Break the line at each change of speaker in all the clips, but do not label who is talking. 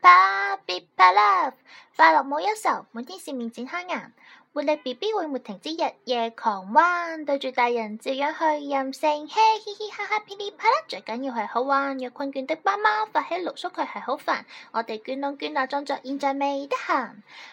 噼里啪啦，快樂冇憂愁，每天笑面展開眼。活力 B B 會沒停止，日夜狂玩，對住大人照樣去任性，嘿嘻嘻哈哈噼里啪啦，最緊要係好玩。若困倦的爸媽發起牢騷，佢係好煩。我哋捐窿捐罅裝作，現在未得閒。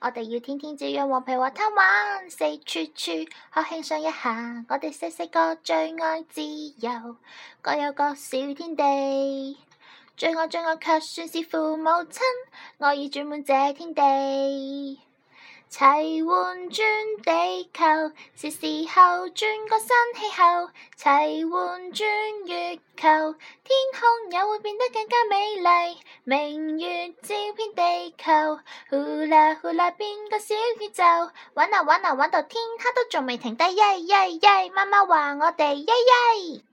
我哋要天天這樣頑皮和貪玩，四處處可輕鬆一下。我哋細細個最愛自由，各有各小天地。最愛最愛卻算是父母親，愛意注滿這天地，齊換轉地球，是時候轉個新氣候，齊換轉月球，天空也會變得更加美麗，明月照遍地球，呼啦呼啦變個小宇宙，揾啊揾啊揾到天黑都仲未停低，耶耶耶，媽媽話我哋耶耶。Yay, yay.